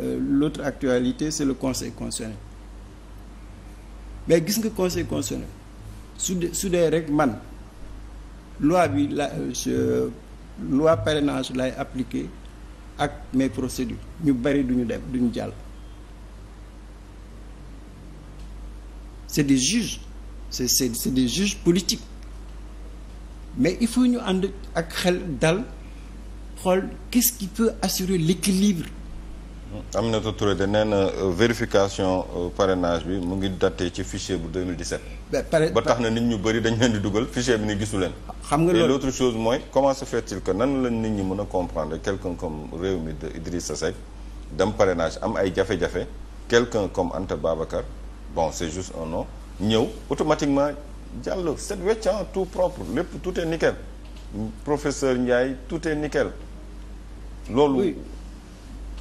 euh, l'autre actualité c'est le conseil constitutionnel mais gis nga conseil constitutionnel su dee su dee rek man loi bi la euh, je loi parrainage lay appliqué ak mais procédures ñu bari ñu dem duñu jàll c'est des juges c'est c'est c'est des juges politiques mais il faut ñu ànd ak xel dal xool qu'est-ce qui peut assurer l'équilibre Aminata Touré de nee na euh, vérification euh, parrainage bi mu ngi daté ci fichier bu 2017. ba tax na nit ñu bëri dañ leen di dugal fichier bi ni gisu leen. xam nga loolu et mooy comment se fait-il que nit ñi mën a comprendre quelqu'un comme Rewmi dem parrainage am ay jafe-jafe comme Anta Babacar bon c'est juste un nom ñëw automatiquement jàll set weccan tout propre lépp tout est nickel professeur Ndiaye tout est nickel loolu.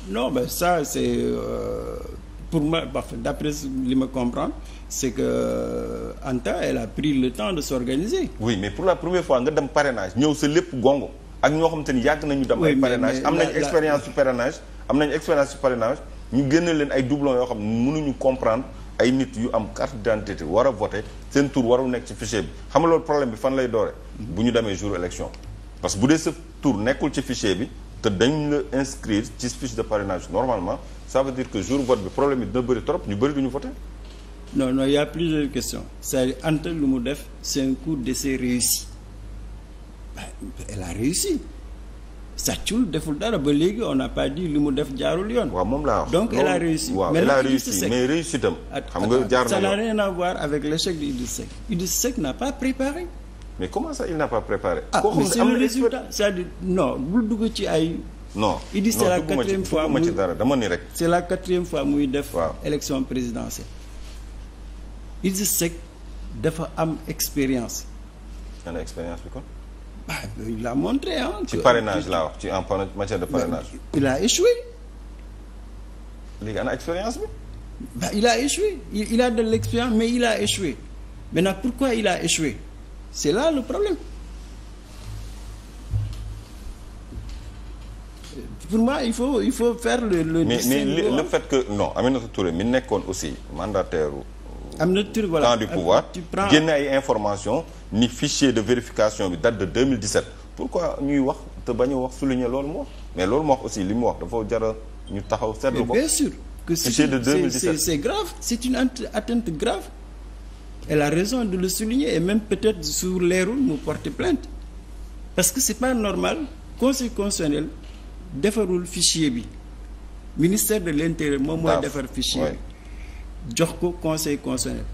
non mais ça c'est euh, pour moi d'après li ma comprendre c'est que euh, Anta elle a pris le temps de s'organiser oui mais pour la première fois nga dem parrainage ñëw sa lépp gongo ak ñoo xamante ni yàgg nañu dem ay parrainage am nañ expérience su parrainage am nañ expérience su parrainage ñu génne leen ay doublons yoo xam ne mënuñu comprendre ay nit yu am carte d'identité war a voté seen tour warul nekk ci fichier bi xam nga loolu problème bi fan lay doore mm-hmm. bu ñu demee jour élection que nekkul ci fichier bi te dañ la inscrire ci spice de parrainage normalement ça veut dire que jour vote bi problème yi dina bëri trop ñu bëri duñu voter non non y a plusieurs questions cest à lu mu def c'est un de d'essai réussi elle a réussi sàccul deful dara ba léegi on n'a pas dit lu mu def jaarul yoon. waaw moom laa wax donc elle a réussi. waaw elle a réussi mais réussitam. xam nga jaar na yoon ça n'a rien à voir avec l'échec de Idriss Seck Idriss Seck n'a pas préparé. mais comment ça il n'a pas préparé. ah mais c'est le résultat c'est-à-dire non bul dugg ci ay. non Idy c'est fois muy dara dama ni rek. c'est la quatrième fois muy def. élection présidentielle. Idy Seck dafa am expérience. ana expérience bi kon. ah il a montré ci parrainage laa wax ci en matière de parrainage. il a ana expérience il a échoué il, a de l'expérience mais il a échoué maintenant pourquoi il a échoué. C'est là le problème. Pour moi, il faut, il faut faire le, le Mais, mais le, le, fait que, non, Aminata Touré, mi nekkoon aussi mandataire euh, Aminata Touré, voilà. temps du pouvoir, génne ay information ni fichier de vérification bi date de 2017. Pourquoi ñuy wax te bañ a wax souligner loolu mu wax mais loolu moo wax aussi li mu wax dafa jara ñu taxaw seetlu ko. Bien sûr que c'est, c'est, c'est grave, c'est une atteinte grave. Elle a raison de le souligner et même peut-être sur leerul roues mu porter plainte parce que c'est pas normal conseil constitutionnel defarul fichier bi ministère de l'intérieur moom mooy defar fichier jox ko conseil constitutionnel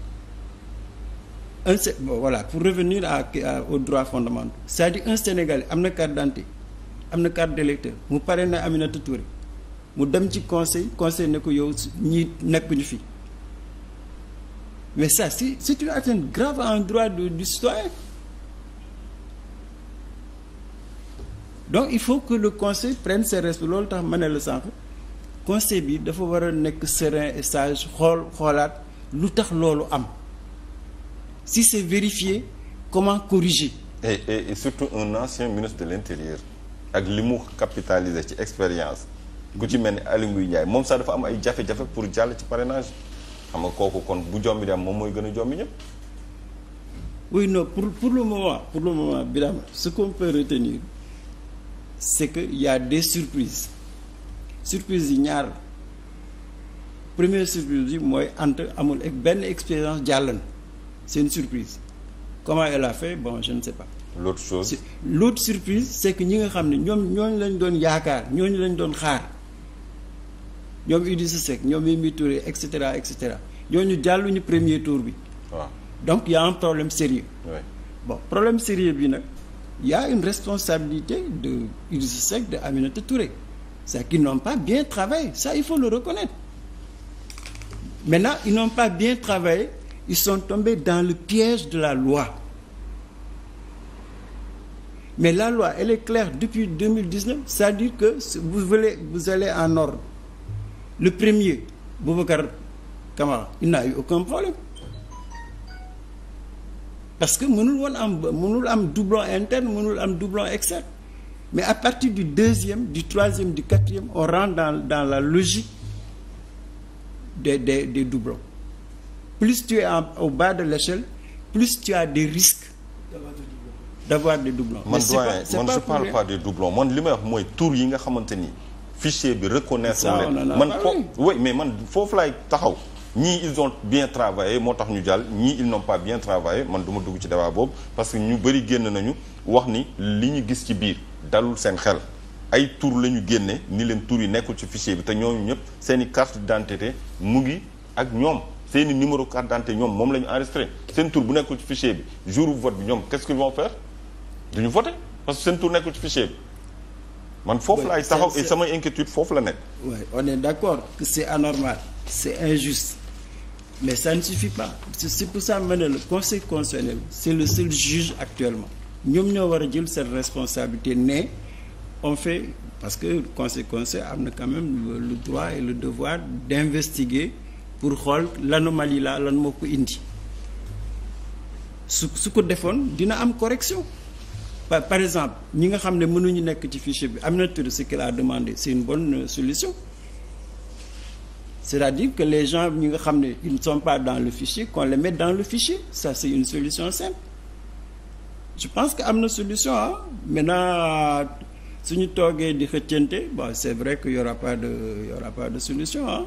un bon, pour revenir à, à aux droits fondamentaux cest à un Sénégalais am na carte d'identité am na carte d'électeur mu pare na Aminata Touré mu dem ci conseil conseil ne ko yow ñi nekkuñu fi mais ça si c'est une atteinte grave à un droit du, du citoyen donc il faut que le conseil prenne ses responsabilités loolu tax ma ne la sànq conseil bi dafa war a nekk serein et sage xool xoolaat lu tax loolu am si c'est vérifié comment corriger. et et, surtout un ancien ministre de l'intérieur ak li mu capitaliser ci expérience ku ci mel ni Aly Ngouille Ndiaye moom sax dafa am ay jafe-jafe pour jàll ci parrainage. xam nga kooku kon bu jombi dem moom mooy gën a jombi ñëpp. oui non pour pour le moment pour le moment Birame ce qu'on peut retenir c'est que y a des surprises surprises yi ñaar première surprise bi mooy Anta amul ak benn expérience jàll na c'est une surprise comment elle a fait bon je ne sais pas. l'autre chose surprise c'est ñi nga xam ne ñoom ñooñu lañ doon yaakaar ñooñu lañ doon xaar. ñoom Idrissa Seck ñoom Mimi Touré et cetera et cetera ñooñu jàlluñu premier tour bi. waaw donc y' a un problème sérieux oui. bon problème sérieux bi nag y' a une responsabilité de Idrissa Seck de Aminata Touré c'est qu'ils n'ont pas bien travaillé ça il faut le reconnaître maintenant ils n'ont pas bien travaillé ils sont tombés dans le piège de la loi mais la loi elle est claire depuis 2019 c'est-à-dire que vous voulez vous allez en ordre le premier Boubacar Camara il n'a eu aucun problème parce que mënul woon am mënul am doublon interne mënul am doublon externe mais à partir du deuxième du troisième du quatrième on rentre dans la logique des des des doublons plus tu es en, au bas de l'échelle plus tu as des risques d'avoir des doublons man doyen man je parle li may wax mooy tour yi nga xamante ni fichier bi reconnaître leen man ah mais man foofu laay taxaw ñii ils ont bien travaillé moo tax ñu jàll ñii ils n'ont pas bien travaillé man duma dugg ci débat boobu parce que ñu bëri génn nañu wax ni li ñu gis ci biir dalul seen xel ay tur la ñu génne ni leen tour yi nekkul ci fichier bi te ñooñu ñëpp seeni i carte mu ngi ak ñoom seen i numéro carte d'identité ñoom moom lañu ñu enregistré seen tur bu nekkul ci fichier bi jour vote bi ñoom qu'est-ce qu'ils vont faire duñu voter parce que bi man foofu laay taxaw et sama inquiétude foofu la nekk. oui on est d'accord que c'est anormal c'est injuste mais ça ne suffit pas c'est pour ça ma ne le conseil constitutionnel c'est le seul juge actuellement ñoom ñoo war a jël seen responsabilité ne on fait parce que le am na quand même le droit et le devoir d'investiguer pour xool l'anomalie la lan moo ko indi su su ko defoon dina am correction. par par exemple ñi nga xam ne mënuñu nekk ci fichier bi am na tur ce qu'il a demandé c'est une bonne euh, solution c'est-à-dire que les gens ñi nga xam ne une ne sont pas dans le fichier qu'on les mette dans le fichier ça c'est une solution simple je pense que am na solution ah maintenant suñu toogee di xëccante bon c'est vrai que y aura pas de y aura pas de solution